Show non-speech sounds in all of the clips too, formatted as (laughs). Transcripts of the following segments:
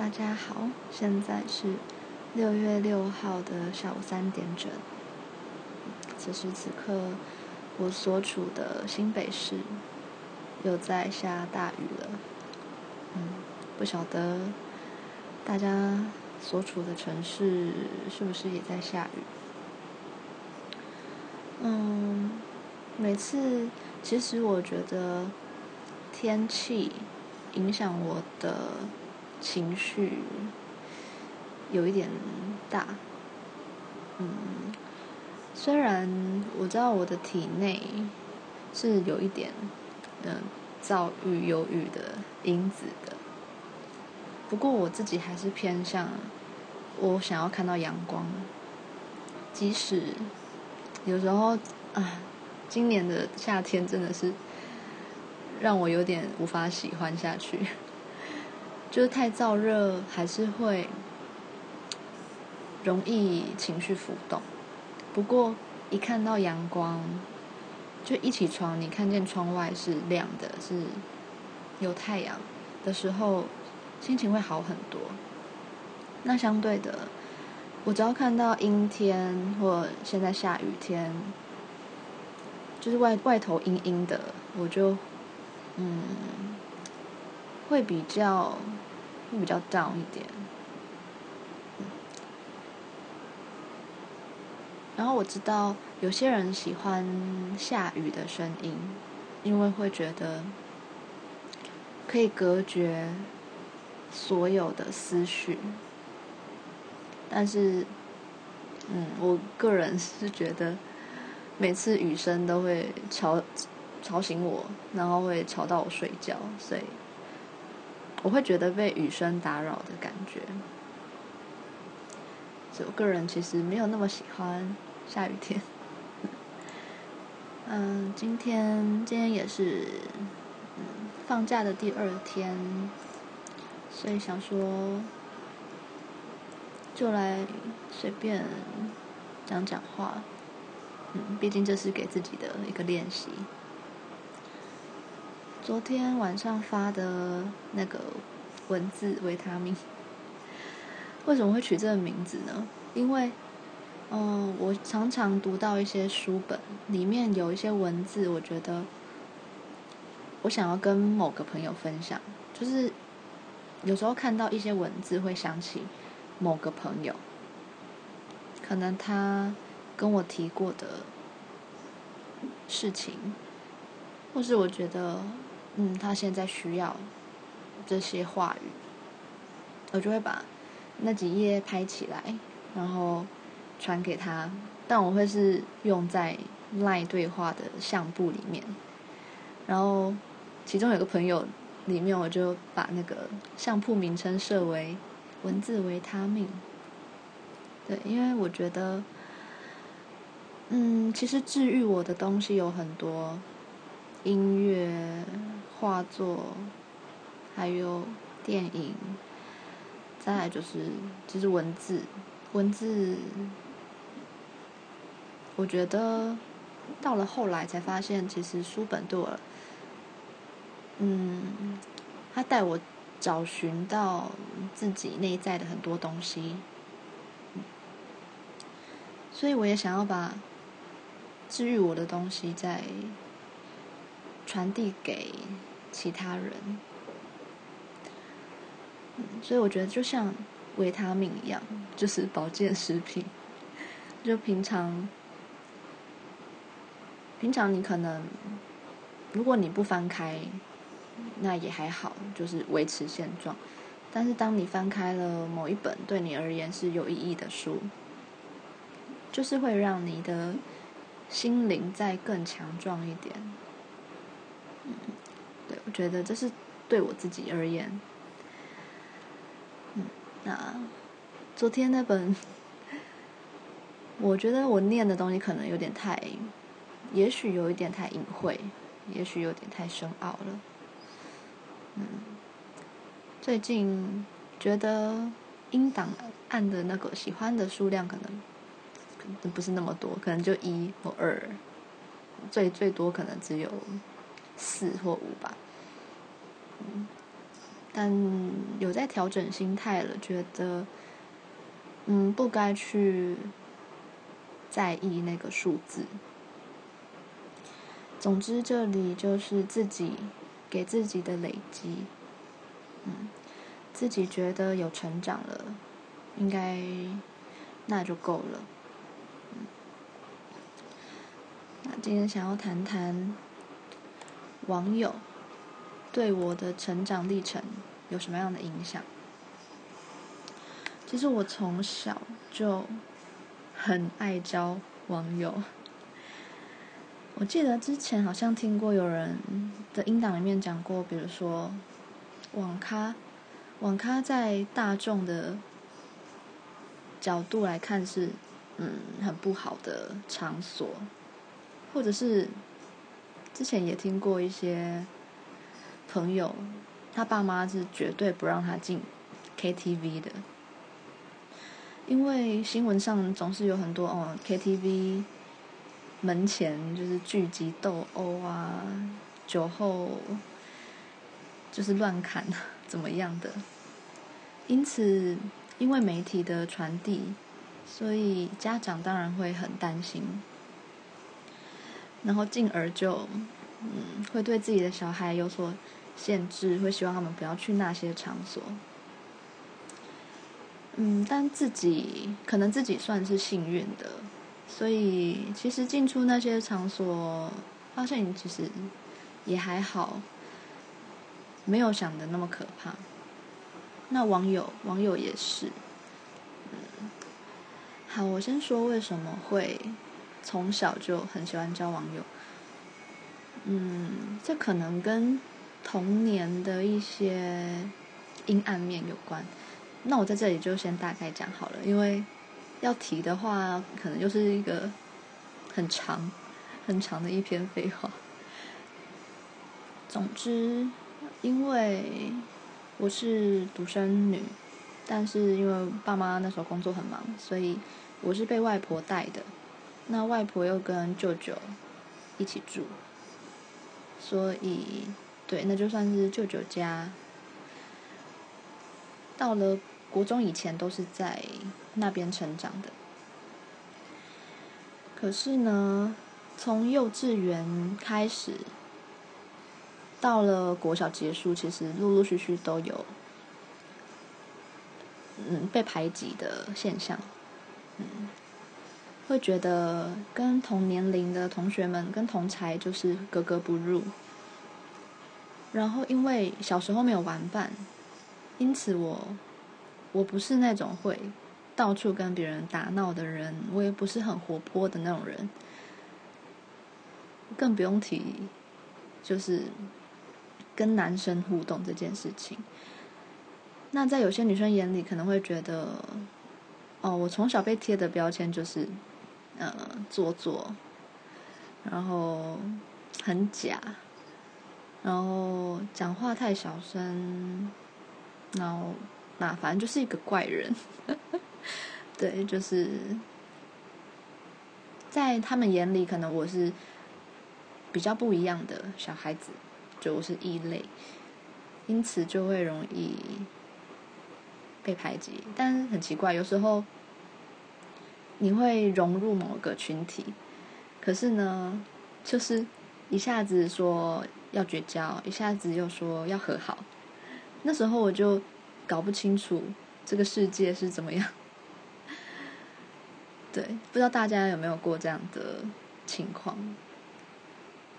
大家好，現在是六月六號的下午三點整。此時此刻，我所處的新北市又在下大雨了。嗯，不曉得大家所處的城市是不是也在下雨？嗯，每次其實我覺得天氣影響我的，情緒有一點大。嗯，雖然我知道我的體內是有一點嗯躁鬱、憂鬱的因子的，不過我自己還是偏向我想要看到陽光，即使有時候啊，今年的夏天真的是讓我有點無法喜歡下去。就是太燥熱，還是會容易情緒浮動。不過，一看到陽光，就一起床，你看見窗外是亮的是，是有太陽的時候，心情會好很多。那相對的，我只要看到陰天，或現在下雨天，就是外外頭陰陰的，我就嗯。會比較會比較 down 一點。嗯。然後我知道有些人喜歡下雨的聲音，因為會覺得可以隔絕所有的思緒。但是，嗯，我個人是覺得每次雨聲都會吵吵醒我，然後會吵到我睡覺，所以。我會覺得被雨聲打擾的感覺，所以我個人其實沒有那麼喜歡下雨天。嗯，今天今天也是，嗯，放假的第二天，所以想說就來隨便講講話。嗯，畢竟這是給自己的一個練習。昨天晚上發的那個文字維他命，為什麼會取這個名字呢？因為，嗯、呃，我常常讀到一些書本裡面有一些文字，我覺得我想要跟某個朋友分享，就是有時候看到一些文字會想起某個朋友，可能他跟我提過的事情，或是我覺得。嗯，他現在需要這些話語，我就會把那幾頁拍起來，然後傳給他。但我會是用在 LINE 對話的相簿裡面。然後，其中有個朋友，裡面我就把那個相簿名稱設為“文字維他命”。對，因為我覺得，嗯，其實治癒我的東西有很多，音樂。畫作，還有電影，再來就是就是文字，文字，我覺得到了後來才發現，其實書本對我，嗯，它帶我找尋到自己內在的很多東西，所以我也想要把治癒我的東西再傳遞給其他人，所以我覺得就像維他命一樣，就是保健食品。就平常，平常你可能，如果你不翻開，那也還好，就是維持現狀。但是當你翻開了某一本對你而言是有意義的書，就是會讓你的心靈再更強壯一點。嗯。我覺得這是對我自己而言，嗯，那昨天那本，我覺得我念的東西可能有點太，也許有一點太隱晦，也許有點太深奧了，嗯，最近覺得音檔按的那個喜歡的數量可能，不是那麼多，可能就一或二，最最多可能只有四或五吧。嗯，但有在調整心態了，覺得嗯不該去在意那個數字。總之，這裡就是自己給自己的累積，嗯，自己覺得有成長了，應該那就夠了。嗯，那今天想要談談網友。對我的成長歷程有什麼樣的影響？其實我從小就很愛交網友。我記得之前好像聽過有人的音檔裡面講過，比如說網咖，網咖在大眾的角度來看是嗯很不好的場所，或者是之前也聽過一些。朋友，他爸媽是絕對不讓他進 KTV 的，因為新聞上總是有很多哦，KTV 門前就是聚集鬥毆啊，酒後就是亂砍怎麼樣的，因此因為媒體的傳遞，所以家長當然會很擔心，然後進而就嗯會對自己的小孩有所。限制，會希望他們不要去那些場所。嗯，但自己可能自己算是幸運的，所以其實進出那些場所，發現其實也還好，沒有想得那麼可怕。那網友，網友也是。嗯，好，我先說為什麼會從小就很喜歡交網友。嗯，這可能跟童年的一些陰暗面有關，那我在這裡就先大概講好了，因為要提的話，可能就是一個很長、很長的一篇廢話。總之，因為我是獨生女，但是因為爸媽那時候工作很忙，所以我是被外婆帶的。那外婆又跟舅舅一起住，所以。對，那就算是舅舅家。到了國中以前，都是在那邊成長的。可是呢，從幼稚園開始，到了國小結束，其實陸陸續續都有，嗯，被排擠的現象。嗯，會覺得跟同年齡的同學們、跟同儕就是格格不入。然後，因為小時候沒有玩伴，因此我我不是那種會到處跟別人打鬧的人，我也不是很活潑的那種人，更不用提就是跟男生互動這件事情。那在有些女生眼裡，可能會覺得，哦，我從小被貼的標籤就是呃做作，然後很假。然後講話太小聲，然後那反正就是一個怪人，呵呵對，就是在他們眼裡，可能我是比較不一樣的小孩子，就我是異類，因此就會容易被排擠。但很奇怪，有時候你會融入某個群體，可是呢，就是一下子說。要絕交，一下子又說要和好，那時候我就搞不清楚這個世界是怎麼樣。對，不知道大家有沒有過這樣的情況？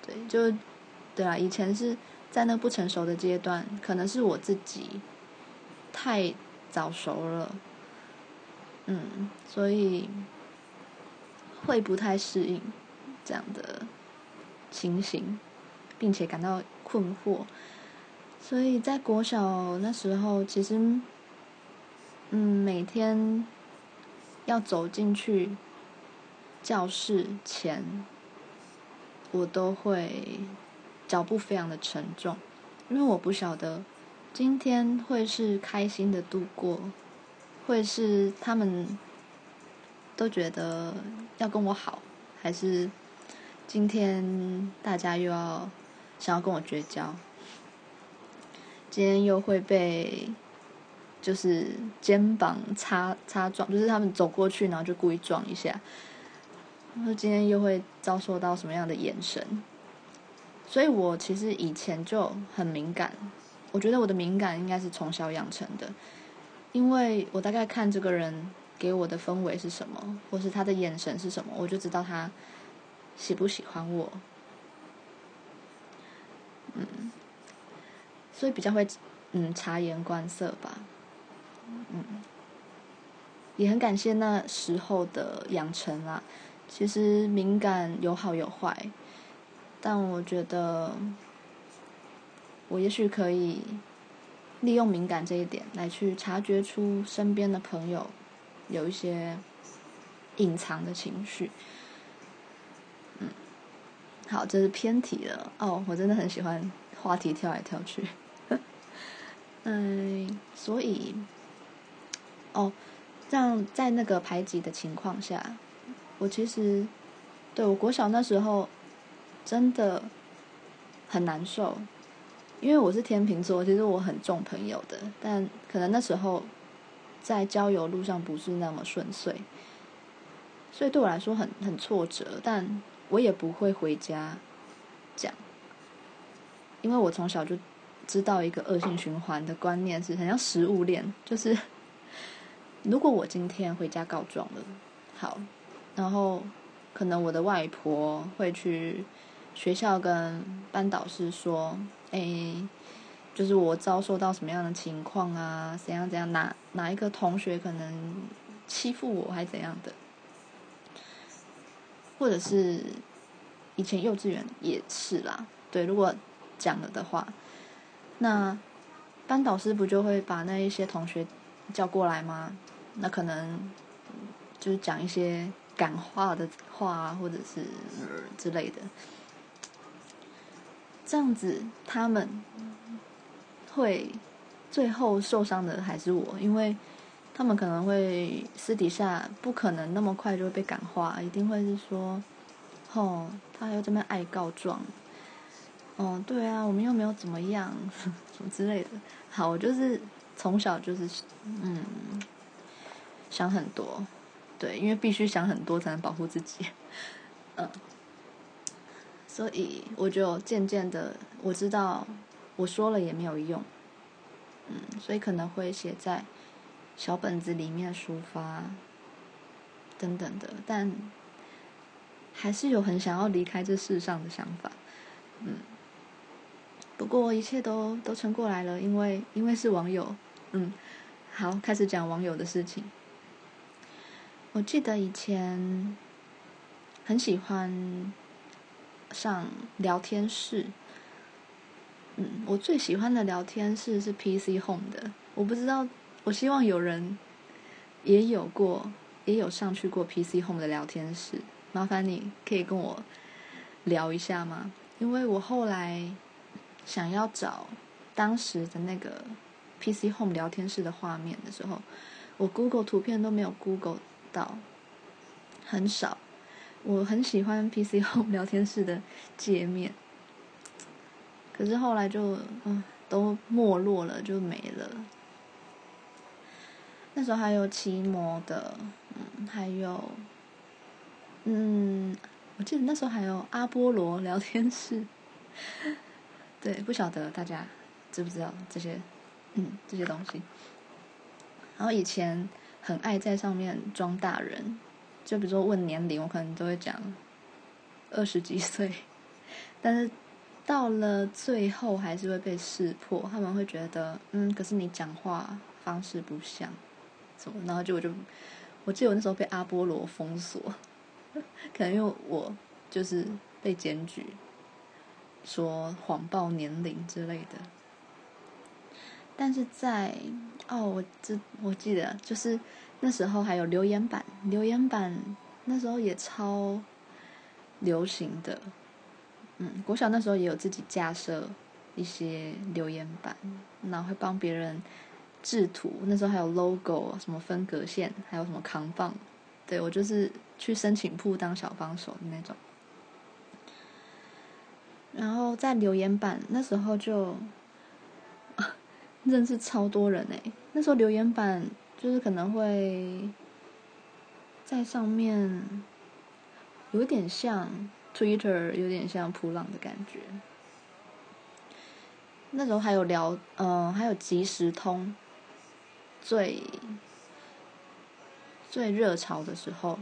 對，就對啊，以前是在那不成熟的階段，可能是我自己太早熟了，嗯，所以會不太適應這樣的情形。並且感到困惑，所以在國小那時候，其實，嗯，每天要走進去教室前，我都會腳步非常的沉重，因為我不曉得今天會是開心的度過，會是他們都覺得要跟我好，還是今天大家又要。想要跟我絕交，今天又會被就是肩膀擦擦撞，就是他們走過去，然後就故意撞一下。那今天又會遭受到什麼樣的眼神？所以我其實以前就很敏感，我覺得我的敏感應該是從小養成的，因為我大概看這個人給我的氛圍是什麼，或是他的眼神是什麼，我就知道他喜不喜歡我。所以比較會，嗯，察言觀色吧，嗯，也很感謝那時候的養成啦、啊。其實敏感有好有壞，但我覺得，我也許可以利用敏感這一點來去察覺出身邊的朋友有一些隱藏的情緒。嗯，好，這是偏題了哦。我真的很喜歡話題跳來跳去。嗯，所以，哦，這樣在那個排擠的情況下，我其實對我國小那時候真的很難受，因為我是天秤座，其實我很重朋友的，但可能那時候在交友路上不是那麼順遂，所以對我來說很很挫折，但我也不會回家講，因為我從小就。知道一個惡性循環的觀念是很像食物鏈，就是如果我今天回家告狀了，好，然後可能我的外婆會去學校跟班導師說：“哎、欸，就是我遭受到什麼樣的情況啊？怎樣怎樣？哪哪一個同學可能欺負我，還是怎樣的？或者是以前幼稚園也是啦，對，如果講了的話。”那班導師不就會把那一些同學叫過來嗎？那可能就是講一些感化的話，或者是之類的。這樣子他們會最後受傷的還是我，因為他們可能會私底下不可能那麼快就會被感化，一定會是說，哦，他要這麼愛告狀。哦，對啊，我們又沒有怎麼樣，什麼之類的。好，我就是從小就是，嗯，想很多，對，因為必須想很多才能保護自己，嗯，所以我就漸漸的我知道我說了也沒有用，嗯，所以可能會寫在小本子裡面抒發，等等的，但還是有很想要離開這世上的想法，嗯。不過一切都都撐過來了，因為因為是網友，嗯，好，開始講網友的事情。我記得以前很喜歡上聊天室，嗯，我最喜歡的聊天室是 PC Home 的。我不知道，我希望有人也有過，也有上去過 PC Home 的聊天室。麻煩你可以跟我聊一下嗎？因為我後來。想要找當時的那個 PC Home 聊天室的畫面的時候，我 Google 圖片都沒有 Google 到，很少。我很喜歡 PC Home 聊天室的界面，可是後來就嗯都沒落了，就沒了。那時候還有奇摩的，嗯，還有，嗯，我記得那時候還有阿波羅聊天室。對，不曉得大家知不知道這些，嗯，這些東西。然後以前很愛在上面裝大人，就比如說問年齡，我可能都會講二十幾歲，但是到了最後還是會被識破。他們會覺得，嗯，可是你講話方式不像，怎麼？然後就我就，我記得我那時候被阿波羅封鎖，可能因為我就是被檢舉。說謊報年齡之類的，但是在哦，我這我，我記得就是那時候還有留言板，留言板那時候也超流行的。嗯，國小那時候也有自己架設一些留言板，然後會幫別人製圖。那時候還有 logo，什麼分隔線，還有什麼扛棒。對，我就是去申請鋪當小幫手的那種。然後在留言板那時候就、啊，認識超多人哎，欸。那時候留言板就是可能會在上面，有點像 Twitter，有點像噗浪的感覺。那時候還有聊，嗯、呃，還有即時通，最最熱潮的時候，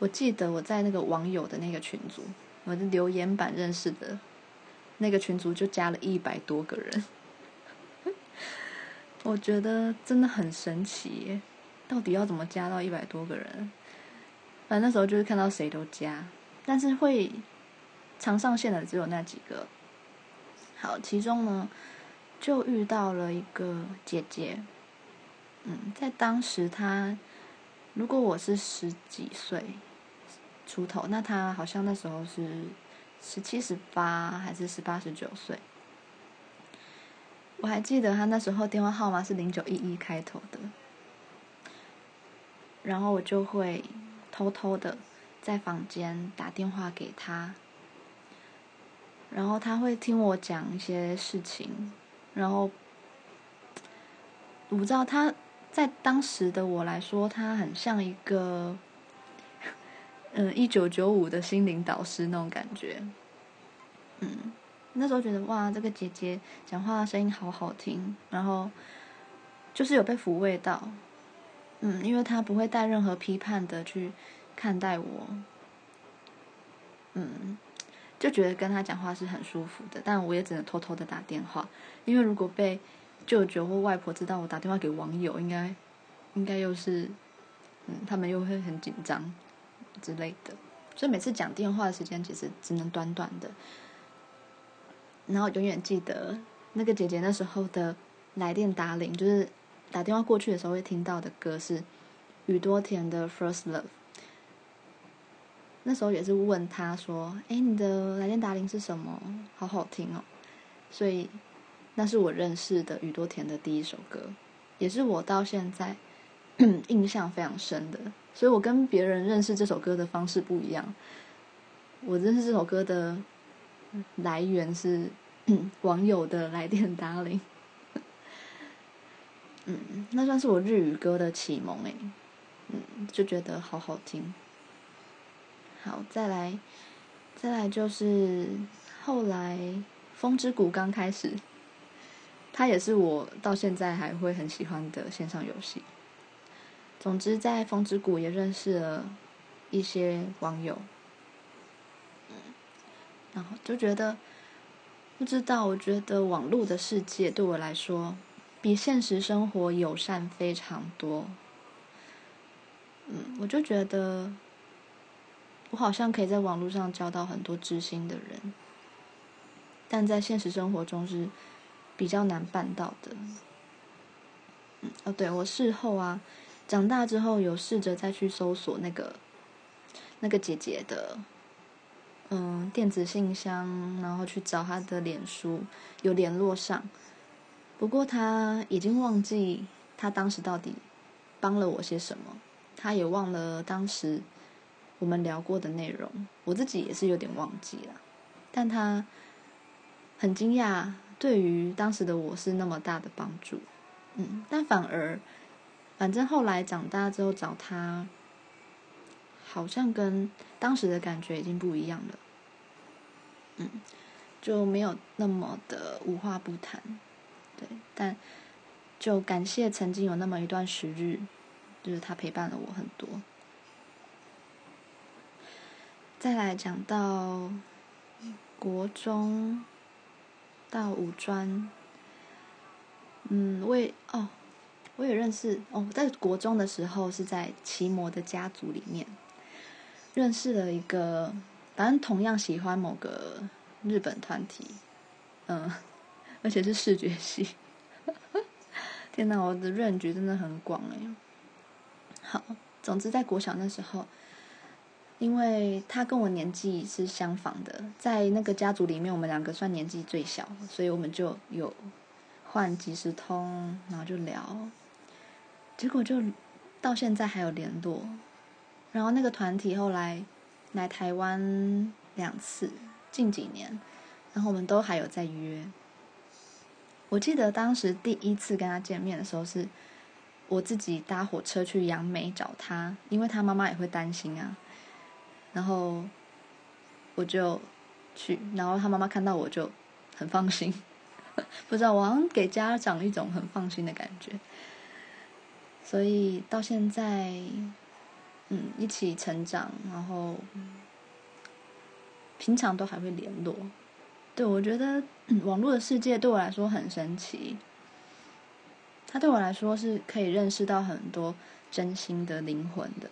我記得我在那個網友的那個群組。我的留言板認識的，那個群組就加了一百多個人， (laughs) 我覺得真的很神奇耶，到底要怎麼加到一百多個人？反正那時候就是看到誰都加，但是會常上線的只有那幾個。好，其中呢就遇到了一個姐姐，嗯，在當時她如果我是十幾歲，出頭，那他好像那時候是十七十八還是十八十九歲。我還記得他那時候電話號碼是零九一一開頭的，然後我就會偷偷的在房間打電話給他，然後他會聽我講一些事情，然後我不知道他在當時的我來說，他很像一個。嗯，一九九五的心靈導師那種感覺，嗯，那時候覺得哇，這個姐姐講話聲音好好聽，然後就是有被撫慰到，嗯，因為她不會帶任何批判的去看待我，嗯，就覺得跟她講話是很舒服的，但我也只能偷偷的打電話，因為如果被舅舅或外婆知道我打電話給網友，應該應該又是嗯，他們又會很緊張之類的，所以每次講電話的時間其實只能短短的，然後永遠記得那個姐姐那時候的來電答鈴，就是打電話過去的時候會聽到的歌是宇多田的《First Love》，那時候也是問他說：“哎、欸，你的來電答鈴是什麼？好好聽哦。”所以那是我認識的宇多田的第一首歌，也是我到現在。 (coughs) 印象非常深的，所以我跟別人認識這首歌的方式不一樣。我認識這首歌的來源是 (coughs) 網友的來電答鈴，嗯，那算是我日語歌的啟蒙哎，嗯，就覺得好好聽。好，再來，再來就是後來《風之谷》剛開始，它也是我到現在還會很喜歡的線上遊戲。總之，在風之谷也認識了一些網友，嗯，然後就覺得不知道，我覺得網絡的世界對我來說，比現實生活友善非常多。嗯，我就覺得，我好像可以在網絡上交到很多知心的人，但在現實生活中是比較難辦到的。嗯，哦對，對我事後啊。長大之後，有試着再去搜索那個那個姐姐的嗯電子信箱，然後去找她的臉書，有聯絡上。不過她已經忘記她當時到底幫了我些什麼，她也忘了當時我們聊過的內容。我自己也是有點忘記了，但她很驚訝，對於當時的我是那麼大的幫助。嗯，但反而。反正後來長大之後找他，好像跟當時的感覺已經不一樣了，嗯，就沒有那麼的無話不談，對，但就感謝曾經有那麼一段時日，就是他陪伴了我很多。再來講到國中到五專，嗯，為哦。我也認識哦，在國中的時候是在奇摩的家族裡面認識了一個，反正同樣喜歡某個日本團體，嗯，而且是視覺系。呵呵，天哪，我的認知真的很廣呀！好，總之在國小那時候，因為他跟我年紀是相仿的，在那個家族裡面，我們兩個算年紀最小，所以我們就有換即時通，然後就聊。結果就到現在還有聯絡，然後那個團體後來來台灣兩次，近幾年，然後我們都還有在約。我記得當時第一次跟他見面的時候是，是我自己搭火車去楊梅找他，因為他媽媽也會擔心啊，然後我就去，然後他媽媽看到我就很放心， (laughs) 不知道我好像給家長一種很放心的感覺。所以到現在，嗯，一起成長，然後平常都還會聯絡。對，我覺得，嗯，網絡的世界對我來說很神奇，它對我來說是可以認識到很多真心的靈魂的。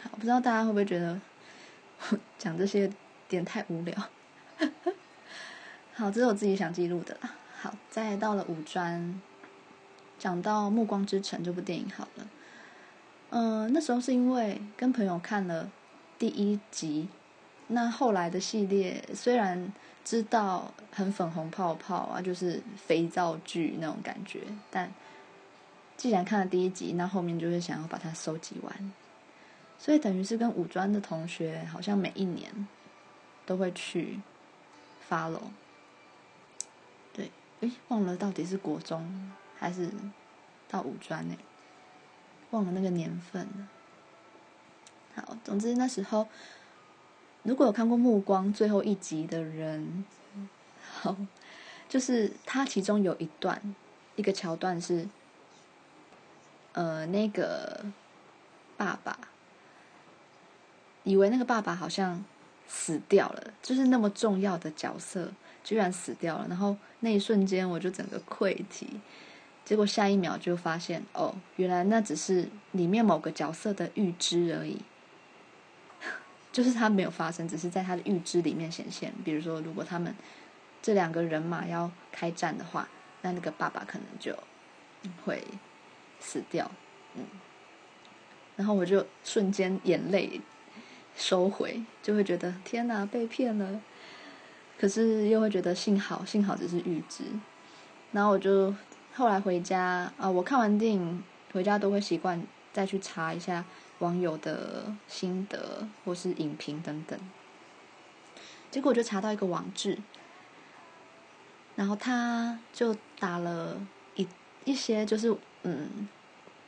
好，不知道大家會不會覺得我講這些點太無聊？ (laughs) 好，這是我自己想記錄的。好，再到了五專。講到《暮光之城》這部電影好了，呃，嗯，那時候是因為跟朋友看了第一集，那後來的系列雖然知道很粉紅泡泡啊，就是肥皂劇那種感覺，但既然看了第一集，那後面就會想要把它收集完，所以等於是跟五專的同學，好像每一年都會去 follow，對，哎，忘了到底是國中。還是到五專呢，忘了那個年份了。好，總之那時候，如果有看過《目光》最後一集的人，好，就是他其中有一段一個橋段是，呃，那個爸爸，以為那個爸爸好像死掉了，就是那麼重要的角色居然死掉了，然後那一瞬間我就整個潰堤。結果下一秒就發現，哦，原來那只是裡面某個角色的預知而已，就是他沒有發生，只是在他的預知裡面顯現。比如說，如果他們這兩個人馬要開戰的話，那那個爸爸可能就會死掉，嗯。然後我就瞬間眼淚收回，就會覺得天哪，被騙了。可是又會覺得幸好，幸好只是預知。然後我就。後來回家啊、呃，我看完電影回家都會習慣再去查一下網友的心得或是影評等等。結果我就查到一個網址，然後他就打了一一些，就是嗯，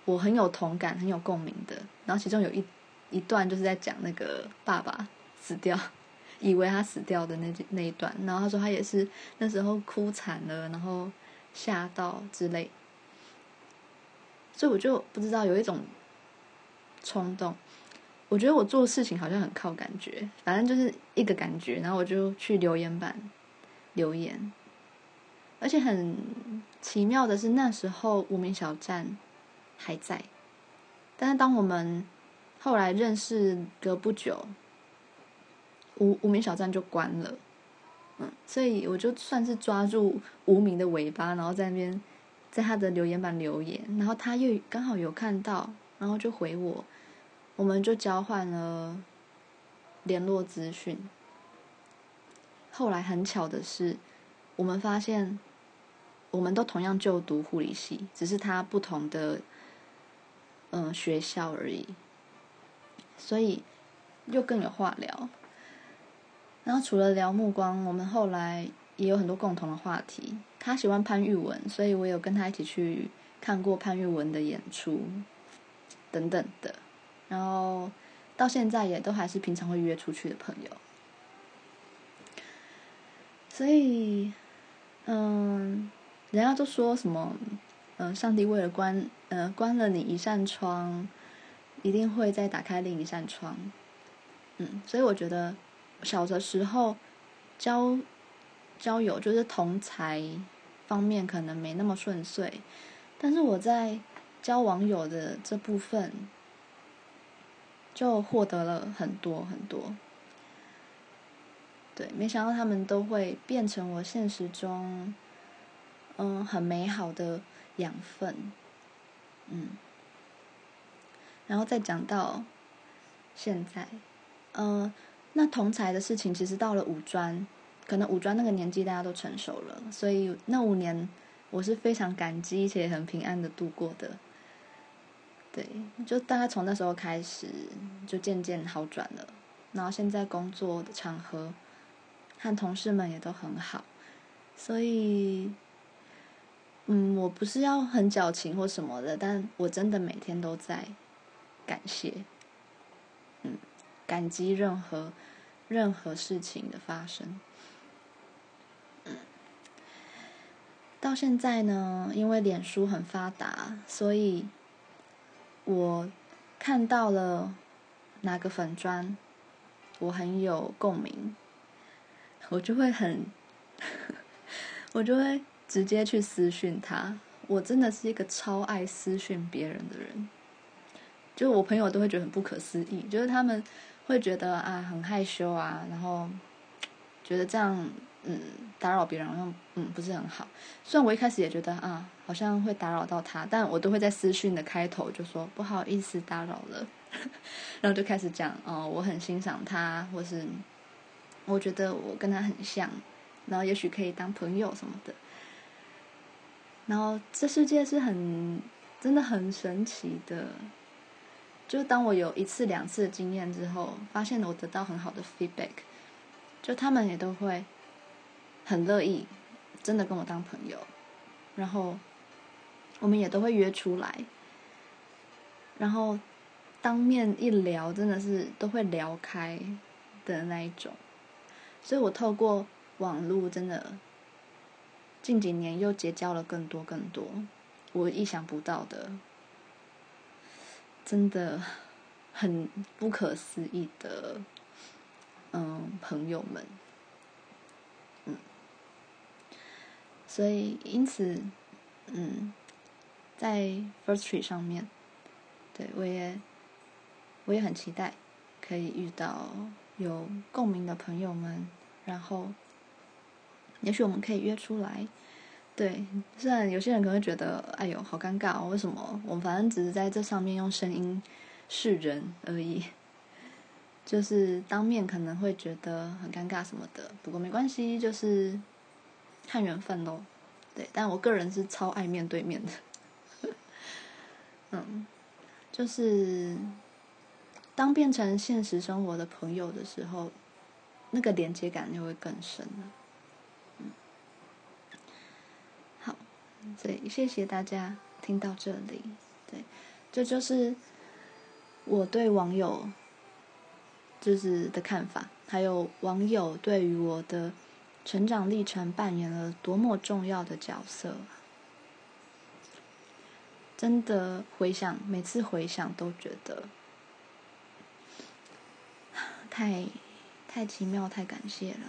我很有同感、很有共鳴的。然後其中有一一段就是在講那個爸爸死掉，以為他死掉的那那一段。然後他說他也是那時候哭慘了，然後。嚇到之類，所以我就不知道有一種衝動。我覺得我做事情好像很靠感覺，反正就是一個感覺，然後我就去留言板留言。而且很奇妙的是，那時候無名小站還在，但是當我們後來認識，隔不久無無名小站就關了。嗯、所以我就算是抓住無名的尾巴，然後在那邊，在他的留言板留言，然後他又剛好有看到，然後就回我，我們就交換了聯絡資訊。後來很巧的是，我們發現我們都同樣就讀護理系，只是他不同的嗯、呃、學校而已，所以又更有話聊。然後除了聊目光，我們後來也有很多共同的話題。他喜歡潘玉文，所以我有跟他一起去看過潘玉文的演出，等等的。然後到現在也都還是平常會約出去的朋友。所以，嗯，人家就說什麼，嗯，上帝為了關，嗯、呃，關了你一扇窗，一定會再打開另一扇窗。嗯，所以我覺得。小的時候，交交友，就是同儕方面可能沒那麼順遂，但是我在交網友的這部分就獲得了很多很多，對，沒想到他們都會變成我現實中嗯、呃、很美好的養分，嗯，然後再講到現在，嗯、呃。那同儕的事情，其實到了五專，可能五專那個年紀大家都成熟了，所以那五年我是非常感激，而且很平安的度過的。對，就大概從那時候開始，就漸漸好轉了。然後現在工作的場合，和同事們也都很好，所以，嗯，我不是要很矯情或什麼的，但我真的每天都在感謝。感激任何任何事情的發生。嗯，到現在呢，因為臉書很發達，所以，我看到了哪個粉專，我很有共鳴，我就會很，我就會直接去私訊他。我真的是一個超愛私訊別人的人，就是我朋友都會覺得很不可思議，就是他們。會覺得啊，很害羞啊，然後覺得這樣嗯打擾別人，好像嗯不是很好。雖然我一開始也覺得啊好像會打擾到他，但我都會在私訊的開頭就說不好意思打擾了， (laughs) 然後就開始講哦，我很欣賞他，或是我覺得我跟他很像，然後也許可以當朋友什麼的。然後這世界是很真的很神奇的。就當我有一次兩次的經驗之後，發現我得到很好的 feedback，就他們也都會很樂意，真的跟我當朋友，然後我們也都會約出來，然後當面一聊，真的是都會聊開的那一種，所以我透過網路，真的近幾年又結交了更多更多我意想不到的。真的很不可思議的，嗯，朋友們，嗯，所以因此，嗯，在 Firstory 上面，對，我也，我也很期待可以遇到有共鳴的朋友們，然後，也許我們可以約出來。對，雖然有些人可能會覺得，哎呦，好尷尬哦，為什麼？我們反正只是在這上面用聲音示人而已，就是當面可能會覺得很尷尬什麼的。不過沒關係，就是看緣分咯。對，但我個人是超愛面對面的。 (laughs) 嗯，就是當變成現實生活的朋友的時候，那個連接感就會更深了。對，謝謝大家聽到這裡。對，這就是我對網友就是的看法，還有網友對於我的成長歷程扮演了多麼重要的角色。真的回想，每次回想都覺得，太太奇妙，太感謝了。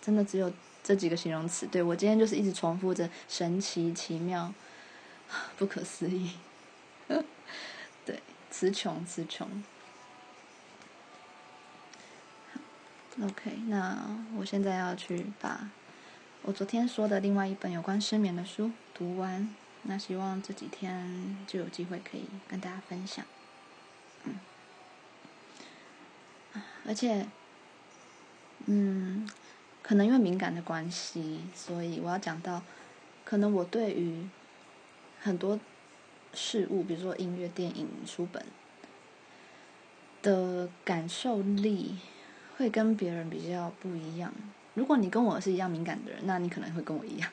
真的只有。這幾個形容詞，對我今天就是一直重複着神奇、奇妙、不可思議，對，詞窮詞窮。OK，那我現在要去把我昨天說的另外一本有關失眠的書讀完。那希望這幾天就有機會可以跟大家分享。嗯，而且，嗯。可能因為敏感的關係，所以我要講到，可能我對於很多事物，比如說音樂、電影、書本的感受力，會跟別人比較不一樣。如果你跟我是一樣敏感的人，那你可能會跟我一樣，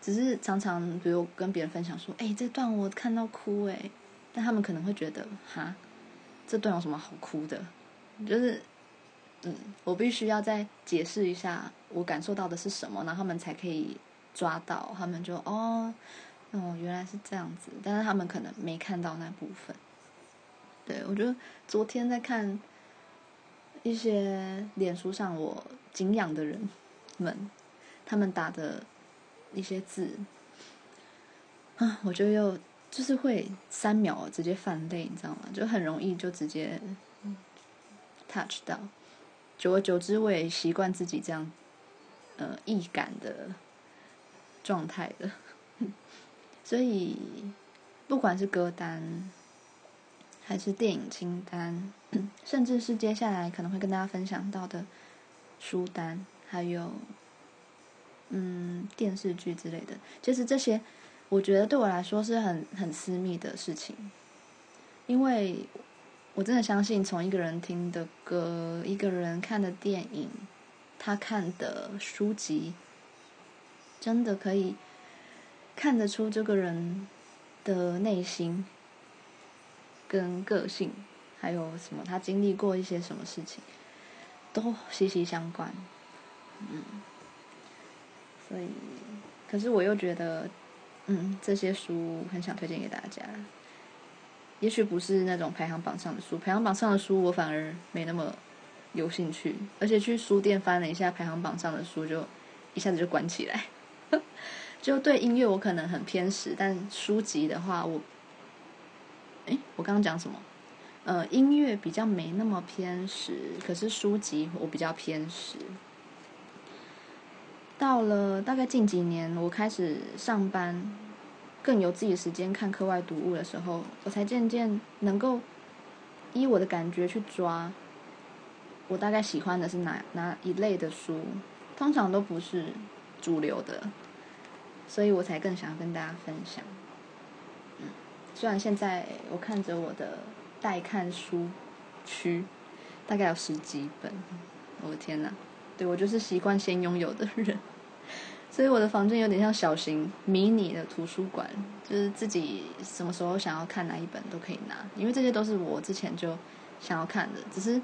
只是常常比如跟別人分享說：“欸，這段我看到哭欸。”但他們可能會覺得：“哈，這段有什麼好哭的？”就是。嗯，我必須要再解釋一下，我感受到的是什麼，然後他們才可以抓到。他們就哦，哦，原來是這樣子，但是他們可能沒看到那部分。對，我覺得昨天在看一些臉書上我敬仰的人們，他們打的一些字，啊，我就又就是會三秒直接泛淚，你知道嗎？就很容易就直接 touch 到。久而久之，我也習慣自己這樣，呃，易感的狀態了。 (laughs) 所以，不管是歌單，還是電影清單，甚至是接下來可能會跟大家分享到的書單，還有，嗯，電視劇之類的，其實這些，我覺得對我來說是很很私密的事情，因為。我真的相信，從一個人聽的歌、一個人看的電影、他看的書籍，真的可以看得出這個人的內心跟個性，還有什麼他經歷過一些什麼事情，都息息相關。嗯，所以，可是我又覺得，嗯，這些書很想推薦給大家。也許不是那種排行榜上的書，排行榜上的書我反而沒那麼有興趣。而且去書店翻了一下排行榜上的書就，就一下子就關起來。 (laughs) 就對音樂我可能很偏食，但書籍的話我、欸，我哎，我剛剛講什麼？呃，音樂比較沒那麼偏食，可是書籍我比較偏食。到了大概近幾年，我開始上班。更有自己時間看課外讀物的時候，我才漸漸能夠依我的感覺去抓我大概喜歡的是哪哪一類的書，通常都不是主流的，所以我才更想要跟大家分享。嗯，雖然現在我看着我的待看書區大概有十幾本，我的天哪，對，我就是習慣先擁有的人。所以我的房間有點像小型、迷你的圖書館，就是自己什麼時候想要看哪一本都可以拿，因為這些都是我之前就想要看的，只是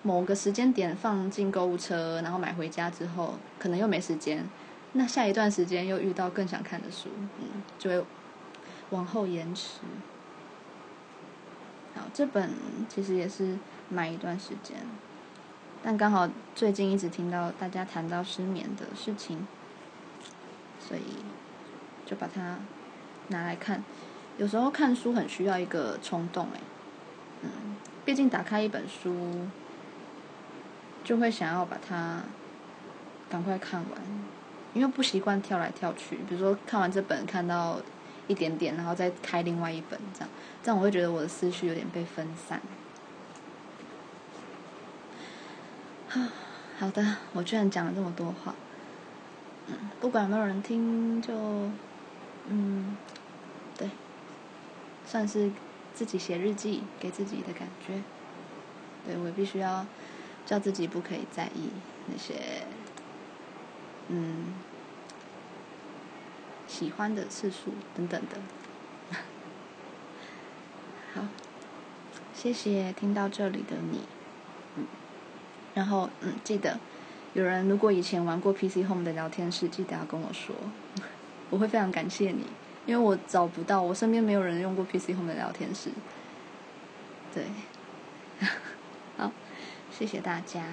某個時間點放進購物車，然後買回家之後，可能又沒時間。那下一段時間又遇到更想看的書，嗯，就會往後延遲。好，這本其實也是買一段時間，但剛好最近一直聽到大家談到失眠的事情。所以就把它拿來看，有時候看書很需要一個衝動哎、欸，嗯，畢竟打開一本書就會想要把它趕快看完，因為不習慣跳來跳去，比如說看完這本看到一點點，然後再開另外一本這樣，這樣我會覺得我的思緒有點被分散。好的，我居然講了這麼多話。嗯、不管有沒有人聽，就嗯，對，算是自己寫日記給自己的感覺。對，我必須要叫自己不可以在意那些嗯喜歡的次數等等的。好，謝謝聽到這裡的你。嗯，然後嗯記得。有人如果以前玩過 PC Home 的聊天室，記得要跟我說，我會非常感謝你，因為我找不到，我身邊沒有人用過 PC Home 的聊天室。對。 (laughs) 好，謝謝大家。